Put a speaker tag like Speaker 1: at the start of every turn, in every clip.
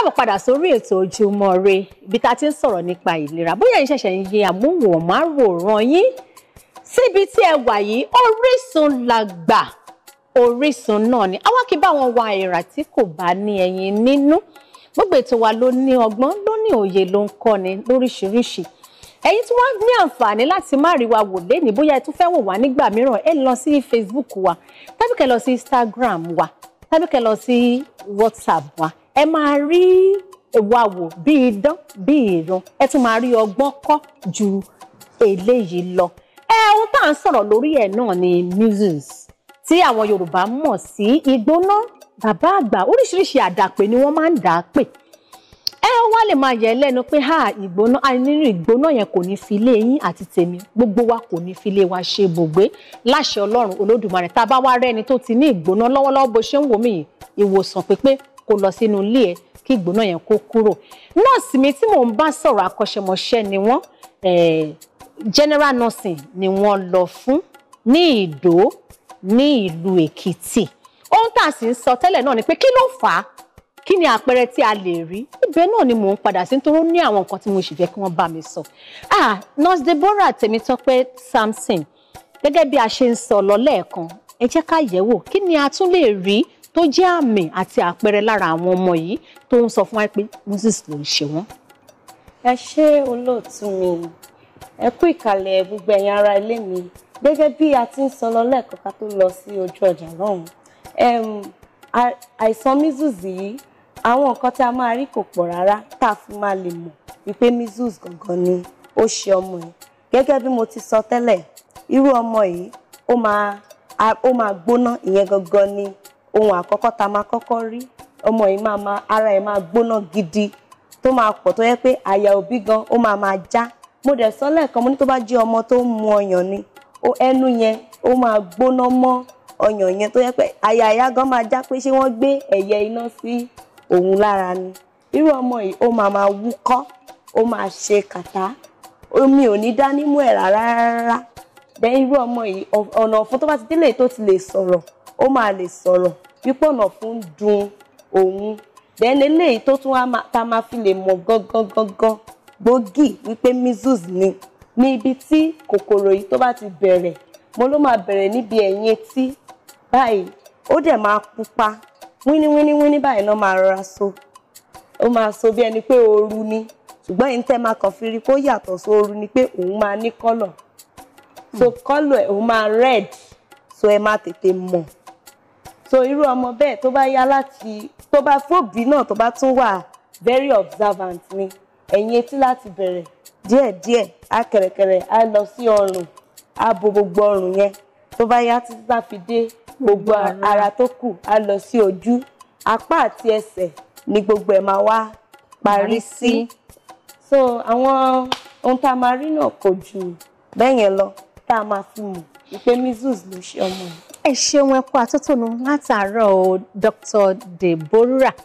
Speaker 1: káàbọ̀ padà sórí ètò ojúmọ́ re ibi tá a ti ń sọ̀rọ̀ nípa ìlera bóyá yín ṣẹ̀ṣẹ̀ ń yẹ àmúwòmáwòrán yín síbi tí ẹ wà yìí Orísun la gbà Orísun náà ni àwa kì í bá wọn wa ìrà tí kò bá ní ẹyin nínú gbogbo ètò wa ló ní ọgbọ́n ló ní òye ló ń kọ́ni lóríṣiríṣi ẹ̀yin tí wọ́n ní àǹfààní láti má rí wa wò lénìí bóyá ẹ tún fẹ́ wò wá nígbà mìíràn ẹ lọ sí Facebook wa tàbí kẹ́ lọ sí Instagram wa tàbí kẹ́ lọ sí WhatsApp wa ẹ máa rí ìwà wò bí idán bí ìran ẹ tún máa rí ọgbọ́n kọ́ ju eléyìí lọ ẹ ohun tá à ń sọ̀rọ̀ lórí ẹ̀ náà ni muses tí àwọn Yorùbá mọ̀ sí igbóná bàbá àgbà oríṣiríṣi àdàpè ni wọ́n máa ń dà á pè ẹ wá lè máa yẹ lẹ́nu pé ha ìgbóná nínú ìgbóná yẹn kò ní fi lé yín àti tèmi gbogbo wa kò ní fi lé wa ṣe bògbé láṣẹ Ọlọ́run Olódùmarè tá a bá wá rẹ́ni tó ti ní ìgbóná lọ́wọ́lọ́wọ́ bó ṣe ń wò mí ìwòsàn pípé kó lọ sínú ilé ẹ kí ìgbóná yẹn kó kúrò nọ́ọ̀sì mi tí mò ń bá sọ̀rọ̀ akọ́ṣẹ́mọṣẹ́ ni wọ́n general nursing ni wọ́n lọ fún ní ìdó ní ìlú èkìtì ohun tá a sì ń sọ tẹ́lẹ̀ náà ni pé kí ló fà á kí ni àpẹẹrẹ tí a lè rí ibẹ̀ náà ni mò ń padà sí nítorí ó ní àwọn nǹkan tí mo sì fẹ́ kí wọ́n bá mi sọ ah nurse deborah tèmítọ́pẹ́ samson gẹ́gẹ́ bí a ṣe ń sọ lọ lẹ́ẹ̀kan ẹ jẹ́ ká yẹ̀wò kí ni a tún lè rí tó jẹ́ àmì àti àpẹẹrẹ lára àwọn ọmọ yìí tó ń sọ fún wa pé moses ló ń ṣe wọ́n.
Speaker 2: ẹ ṣé olóòtú mi ẹ kú ìkàlẹ̀ gbogbo ẹ̀yin ará ilé mi gẹ́gẹ́ bí a ti ń sọ lọ lẹ́ẹ̀kan ká tó lọ sí ojú ọjà lọ́hùn-ún àìsàn measles yìí àwọn nǹkan tá a máa rí kò pọ̀ rárá tá a fi máa lè mọ̀ wípé measles gangan ni ó ṣe ọmọ yìí gẹ́gẹ́ bí mo ti sọ tẹ́lẹ̀ irú ọmọ yìí ó máa gbóná ìyẹn gangan ni ohun àkọ́kọ́ tá a máa kọ́kọ́ rí ọmọ yìí máa ma ara ẹ̀ máa gbóná gidi tó máa pọ̀ tó yẹ pé àyà òbí gan ó máa máa já mo dẹ̀ sọ lẹ́ẹ̀kan mo ní tó bá jẹ́ ọmọ tó ń mu ọyàn ni ó ẹnu yẹn ó máa gbóná mọ́ ọyàn yẹn tó yẹ pé àyà ìyá gan máa já pé ṣé wọ́n gbé ẹ̀yẹ iná sí òun lára ni irú ọmọ yìí ó máa máa wúkọ́ ó máa ṣe kàtá omi ò ní dání mú ẹ̀ rárá rárá dẹ̀ irú ọmọ yìí ọ̀nà ọ̀fun tó bá ti délé tó ti lè sọ̀rọ̀ ó máa lè sọ̀rọ̀ pípọ̀nà fún dun òun then eléyìí tó tún wá tá a máa fi lè mọ̀ gangan gangan gbòógì wípé measles ni ní ibi tí kòkòrò yìí tó bá ti bẹ̀rẹ̀ mo ló máa bẹ̀rẹ̀ níbi ẹ̀yìn etí báyìí ó dẹ̀ máa pupa wíníwíníwíní báyìí náà máa rọra so ó máa so bí ẹni pé ooru ni ṣùgbọ́n yìí tẹ́ máa kàn fi rí kó yàtọ̀ sí ooru ni pé òun máa ní kọ́lọ̀ so kọ́lọ̀ ẹ̀ òun máa red so ẹ máa tètè mọ̀ so irú ọmọ bẹ́ẹ̀ tó bá yá láti tó bá fòbí náà tó bá tún wà very observant ni ẹ̀yìn etí láti bẹ̀rẹ̀ díẹ̀díẹ̀ á kẹ̀rẹ̀kẹ̀rẹ̀ á lọ sí ọrùn á bo gbogbo ọrùn yẹn tó bá yá títí tá fi dé gbogbo ara tó kù á lọ sí ojú apá àti ẹsẹ̀ ni gbogbo ẹ̀ máa wá parí sí so àwọn ohun tá a máa rí náà kò jù bẹ́ẹ̀ yẹn lọ tá a máa fi mọ̀ wípé measles ló ṣe ọmọ yìí
Speaker 1: ẹ ṣeun ẹ kú àtótónu látàárọ̀ o Dr. Deborah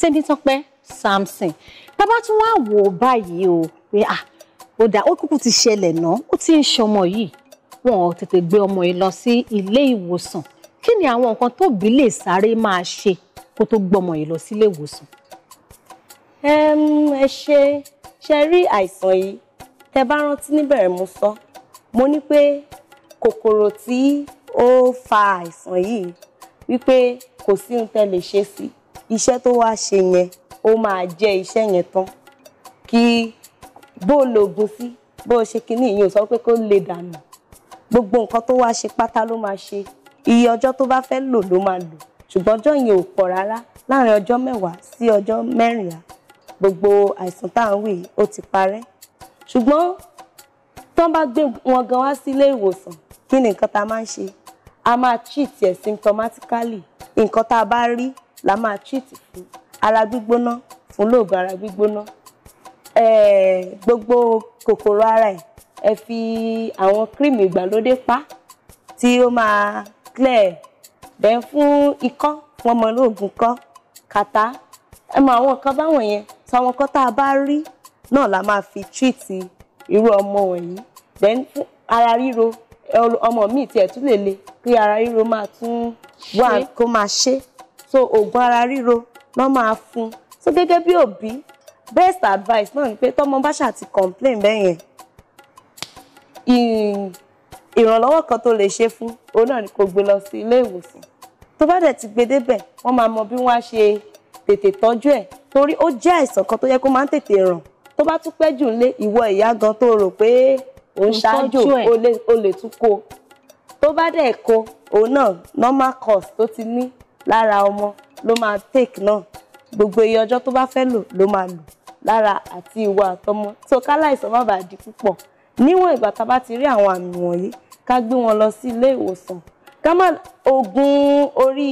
Speaker 1: Tẹ́nítọ́pẹ́ Samson bàbá tún wá wò ó báyìí o pé à ó dà ó kúkú ti ṣẹlẹ̀ náà ó ti ń ṣọmọ yìí wọn ò tètè gbé ọmọ yìí lọ sí ilé ìwòsàn kí ni àwọn nǹkan tóbi lè sáré máa ṣe kó tó gbọmọ yìí lọ sílé ìwòsàn.
Speaker 2: ẹ ṣe ṣe rí àìsàn yìí tẹ bá rántí níbẹ̀rẹ̀ mo sọ mo ní pé kòkòrò tí ó fa àìsàn yìí wípé kò sí ohun tẹ́ lè ṣe sí iṣẹ́ tó wá ṣe yẹn ó máa jẹ́ iṣẹ́ yẹn tán kí bó o lògùn sí bó o ṣe kinní yìí ò sọ pé kó lè dànù gbogbo nǹkan tó wá ṣe pátá ló máa ṣe iye ọjọ́ tó bá fẹ́ lò ló máa lò ṣùgbọ́n ọjọ́ yẹn ò pọ̀ rárá láàrin ọjọ́ mẹ́wàá sí ọjọ́ mẹ́rìnlá gbogbo àìsàn tá à ń wì ó ti parẹ́ ṣùgbọ́n tán bá gbé wọn gan wá sí ilé ìwòsàn kí ni nǹkan tá a máa ń ṣe a máa treat ẹ̀ symptomatically nǹkan tá a bá rí la máa treat fún ara gbígbóná fún lóògùn ara gbígbóná gbogbo kòkòrò ara ẹ̀ ẹ fi àwọn cream ìgbàlódé pa tí ó máa clear then fún ikọ́ fún ọmọ lóògùn kọ́ kàtá ẹ mọ àwọn nǹkan báwọn yẹn sọ àwọn nǹkan tá a bá rí náà la máa fi treat irú ọmọ wọ̀nyí then fún ara ríro ọmọ míì tiẹ̀ tún lè le kí ara ríro máa tún wà kó máa ṣe so oògùn ara ríro náà máa fún so gẹ́gẹ́ bí òbí best advice náà ni pé tọ́mọ bá ṣáà ti complain bẹ́ẹ̀ yẹn ìrànlọ́wọ́ kan tó lè ṣe fún òun náà ni kò gbé lọ sí ilé ìwòsàn tó bá dẹ̀ ti gbé débẹ̀ wọ́n máa mọ bí wọ́n á ṣe tètè tọ́jú ẹ̀ torí ó jẹ́ àìsàn kan tó yẹ kó máa ń tètè ràn tó bá tún pẹ́ jù lé ìwọ ìyá gan tó rò pé òun ṣáájú o lè tún kó tó bá dẹ̀ kó òun náà normal course tó ti ní lára ọmọ ló máa take náà gbogbo iye ọjọ́ tó bá fẹ́ lò ló máa lò lára àti ìwà àtọmọ tó káláìsàn má bàa di púpọ̀ níwọ̀n ìgbà tá a bá ti rí àwọn àmì wọ̀nyí ká gbé wọn lọ sí ilé ìwòsàn ká má oògùn orí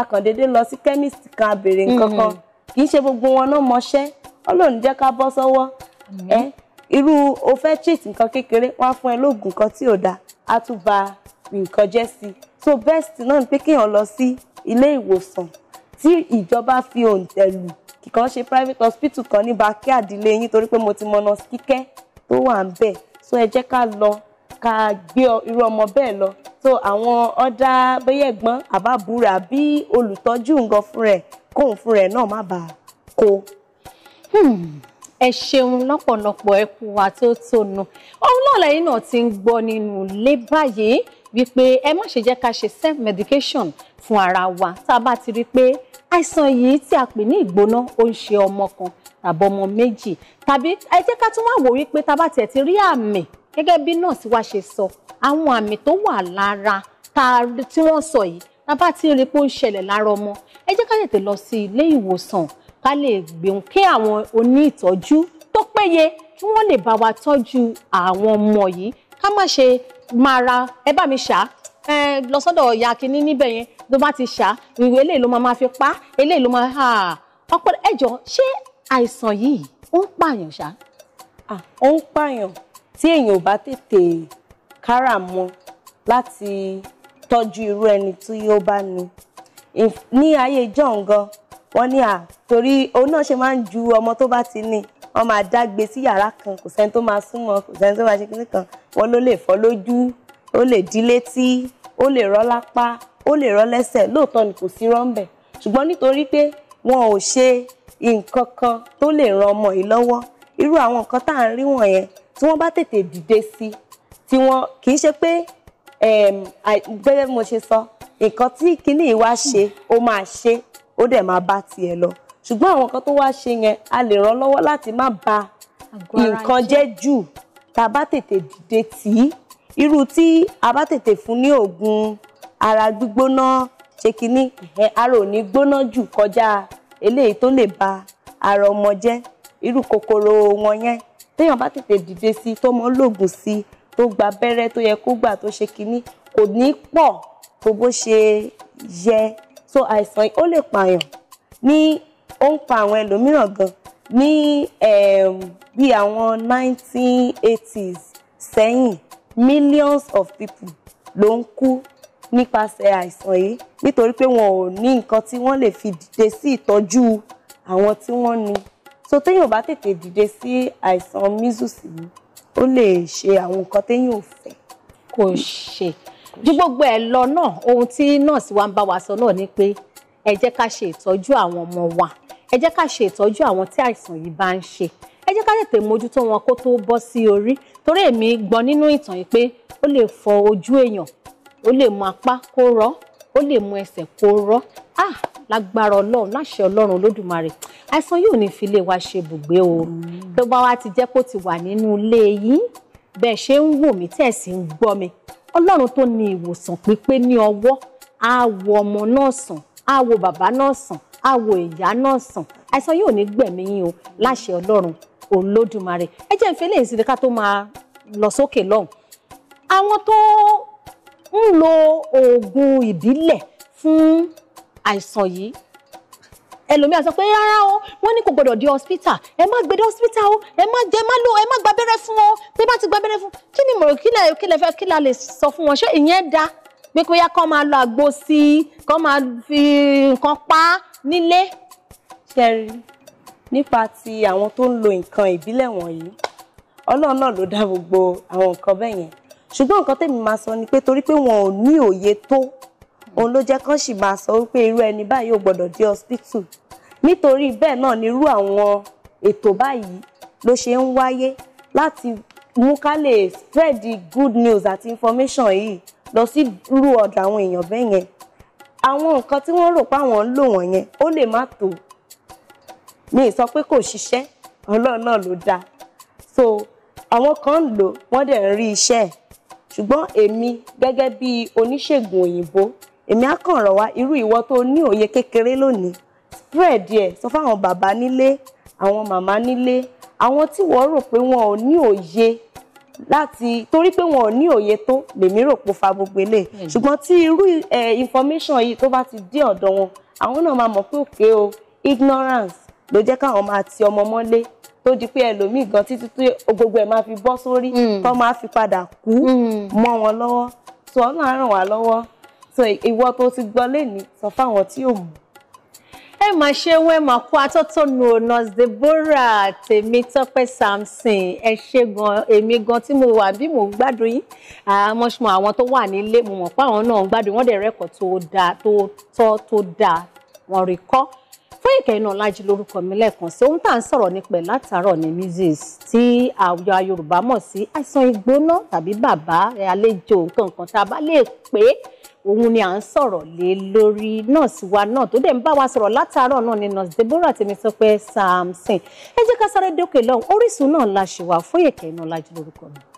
Speaker 2: akàndédé lọ sí chemist kan abèrè nǹkan kan kì í ṣe gbogbo wọn náà mọṣẹ́ Ọlọ́run jẹ́ ká bọ́ sọ́wọ́ mm-hmm. ẹ irú o fẹ́ treat nǹkan kékeré wọ́n fún ẹ lóògùn kan tí ò dáa á tún ba nǹkan jẹ́ sí so best náà ni pé kéèyàn lọ sí ilé ìwòsàn tí ìjọba fi òǹtẹ̀ lù kìkan ṣe private hospital kan ní backyard ilé yín torí pé mo ti mọ kíkẹ́ tó wà ń bẹ̀ so ẹ jẹ́ ká lọ ká gbé irú ọmọ bẹ́ẹ̀ lọ so àwọn ọ̀dà bóyá ẹ̀gbọ́n àbábúra bí olùtọ́jú nǹkan fún rẹ̀ kóun fún rẹ̀ náà má bàa kó. Hmm, ẹ ṣeun lọ́pọ̀lọpọ̀ ẹ kú wa tó tónu
Speaker 1: ohun náà lẹ́yìn náà ti ń gbọ́ nínú ilé báyìí wípé ẹ má ṣe jẹ́ ká ṣe self medication fún ara wa tá a bá ti rí i pé àìsàn yìí tí a pè ní ìgbóná ó ń ṣe ọmọ kan tàbí ọmọ méjì tàbí ẹ jẹ́ ká tún wá wò wípé tá a bá tiẹ̀ ti rí àmì gẹ́gẹ́ bí nọ́ọ̀sì wa ṣe sọ àwọn àmì tó wà lára tí wọ́n sọ yìí tá a bá ti rí i pé ó ń ṣẹlẹ̀ lára ọmọ ẹ jẹ́ ká tètè lọ sí ilé ìwòsàn ká lè gbìyànjú kí àwọn oní ìtọ́jú tó péye kí wọ́n lè bá wa tọ́jú àwọn ọmọ yìí ká má ṣe máa ra ẹ bá mi ṣá ẹ lọ sọ́dọ̀ ọ̀yà kínní níbẹ̀ yẹn ló bá ti ṣá ìwé eléyìí ló máa máa fi pa eléyìí ló máa ha ọpẹ ẹjọ
Speaker 2: ṣé àìsàn yìí ó ń pààyàn ṣá. ó ń pààyàn tí èèyàn ò bá tètè kára mọ́ láti tọ́jú irú ẹni tí ó bá ní ní ayé jọ̀ǹgan wọ́n ní à torí òun náà ṣe máa ń ju ọmọ tó bá ti ní wọ́n máa dágbe sí yàrá kan kò sẹ́ni tó máa súnmọ́ kò sẹ́ni tó máa ṣe kíní kan wọ́n ló lè fọ́ lójú ó lè dí létí ó lè rọ́ lápá ó lè rọ́ lẹ́sẹ̀ lóòótọ́ ni kò sí rọ́ńbẹ̀ ṣùgbọ́n nítorí pé wọn ò ṣe nǹkan kan tó lè ran ọmọ yìí lọ́wọ́ irú àwọn nǹkan tá à ń rí wọ̀nyẹn tí wọ́n bá tètè dìde sí tí wọ́n kì í ṣe pé gẹ́gẹ́ mo ṣe sọ nǹkan tí kinní yìí wá ṣe ó máa ṣe ó dẹ̀ máa bá tiẹ̀ lọ ṣùgbọ́n àwọn kan tó wá ṣe yẹn a lè ràn lọ́wọ́ láti má ba nǹkan jẹ́ jù tá a bá tètè dìde tì í irú tí a bá tètè fún ní oògùn ara gbígbóná ṣe kínní ara ò ní gbóná jù kọjá eléyìí tó lè ba ara ọmọ jẹ́ irú kòkòrò wọn yẹn téèyàn bá tètè dìde sí tó mọ lóògùn sí tó gba abẹ́rẹ́ tó yẹ kó gbà tó ṣe kínní kò ní pọ̀ tó bó ṣe yẹ so àìsàn ó lè pààyàn ní ó ń pa àwọn ẹlòmíràn gan ní ehm, bí àwọn 1980s sẹ́yìn millions of people ló ń kú nípasẹ̀ àìsàn yìí nítorí pé wọn ò ní nǹkan tí wọ́n lè fi dìde sí ìtọ́jú àwọn tí wọ́n ní so téèyàn bá tètè dìde sí àìsàn measles yìí ó lè ṣe àwọn nǹkan téèyàn ò fẹ́.
Speaker 1: kò ṣe ju gbogbo ẹ lọ náà ohun tí nọ́ọ̀sì wa ń bá wa sọ náà ni pé ẹ jẹ́ ká ṣe ìtọ́jú àwọn ọmọ wa ẹ jẹ́ ká ṣe ìtọ́jú àwọn tí àìsàn yìí bá ń ṣe ẹ jẹ́ ká tètè mójútó wọn kó tó bọ́ sí orí torí èmi gbọ́ nínú ìtàn yìí pé ó lè fọ ojú èèyàn ó lè mú apá kó rọ́ ó lè mú ẹsẹ̀ kó rọ́ ah lágbára ọlọ́run láṣẹ ọlọ́run olódùmarè àìsàn yóò ní fi ilé wa ṣe bùgbé o mm. tó bá wa ti jẹ́ kó ti wà nínú ilé yín bẹ́ẹ̀ ṣe ń wò mí tẹ̀ sí ń gbọ́ mi ọlọ́run tó ní ìwòsàn pípé ní ọwọ́ á wo ọmọ náà sàn á wo bàbá náà sàn àwò ìyá náà sàn àìsàn yóò ní gbẹ̀mí yín o láṣẹ ọlọ́run olódùmarè ẹ jẹ́ ìfẹ́ lẹ́yìn síbi ká tó máa lọ sókè lọ́hùn àwọn tó ń lo oògùn ìbílẹ̀ fún àìsàn yìí ẹlòmíà sọ pé rárá o wọ́n ní kò gbọ́dọ̀ di hospital ẹ má gbé dé hospital o ẹ má jẹ má lò ẹ má gba abẹ́rẹ́ fún ọ bí bá ti gba abẹ́rẹ́ fún kí ni mọ̀rọ̀ kílẹ̀ kílẹ̀ fẹ́ kílà lè sọ fún wọn ṣé ìyẹn da pé kó yá kán máa lo àgbo
Speaker 2: sí i kán máa fi nǹkan pa á nílé ṣẹ́rí nípa ti àwọn tó ń lo nǹkan ìbílẹ̀ wọ̀nyí ọlọ́run náà ló dá gbogbo àwọn nǹkan bẹ́ẹ̀ yẹn ṣùgbọ́n nǹkan tèmi máa sọ ni pé torí pé wọn ò ní òye tó òun ló jẹ́ kán sì máa sọ wípé irú ẹni báyìí ò gbọ́dọ̀ dé hospital nítorí bẹ́ẹ̀ náà ni irú àwọn ètò báyìí ló ṣe ń wáyé láti mú ká lè spread the good news àti information yìí lọ sí irú ọ̀dọ̀ àwọn èèyàn bẹ́ẹ̀ yẹn àwọn nǹkan tí wọ́n rò pé àwọn ń lò wọ́n yẹn ó lè má tó mi ì sọ pé kò ṣiṣẹ́ ọlọ́run náà ló dáa so àwọn kan ń lò wọ́n dẹ̀ ń rí iṣẹ́ ẹ̀ ṣùgbọ́n èmi gẹ́gẹ́ bí oníṣègùn òyìnbó èmi á kàn rọ̀ wá irú ìwọ tó ní òye kékeré lónìí spread ẹ̀ sọ fáwọn bàbá nílé àwọn màmá nílé àwọn tí wọ́n rò pé wọn ò ní òye láti torí pé wọn ò ní òye tó lèmi rò pò fa gbogbo eléyìí hmm. ṣùgbọ́n tí irú information yìí tó bá ti dé ọ̀dọ̀ wọn àwọn náà máa mọ̀ pé òkè o ignorance ló jẹ́ káwọn máa ti ọmọ mọ́lé tó di pé ẹlòmíì gan títí tí gbogbo ẹ̀ máa fi bọ́ sórí hmm. tó máa fi padà kú hmm. mọ́ wọn lọ́wọ́ tó ọ̀nà ràn wá lọ́wọ́ tó ìwọ tó ti gbọ́ lẹ́ni sọ fáwọn tí ò mọ̀ ẹ máa ṣe wọn ẹ máa kó atótónu
Speaker 1: nurse Deborah Tèmítọ́pẹ́ Samson ẹ ṣe gan èmi gan tí mo wà bí mò ń gbádùn yín àmọṣmọ àwọn tó wà nílé mo mọ̀ pé àwọn náà ń gbádùn wọn dẹ̀ rẹ́kọ̀ọ́ tó dáa tó tọ́ tó dáa wọn rí kọ́ Fóyèké Ináolájí lórúkọ mi lẹ́ẹ̀kan sí ohun tá à ń sọ̀rọ̀ nípa ẹ̀ látàárọ̀ ní measles tí àwùjọ Yorùbá mọ̀ sí àìsàn ìgbóná tàbí bàbá àlejò nǹkan kan tá a bá lè pè é òun ni à ń sọ̀rọ̀ lé lórí nọ́ọ̀sì wa náà tó dẹ̀ ń bá wa sọ̀rọ̀ látàárọ̀ náà ni nọ́ọ̀sì Deborah Tèmisọ́pẹ́ Samson ẹ jẹ́ ká sáré dókè lọ́hùn Orísun náà la ṣì wà Foyeke Inaolaji lórúkọ náà.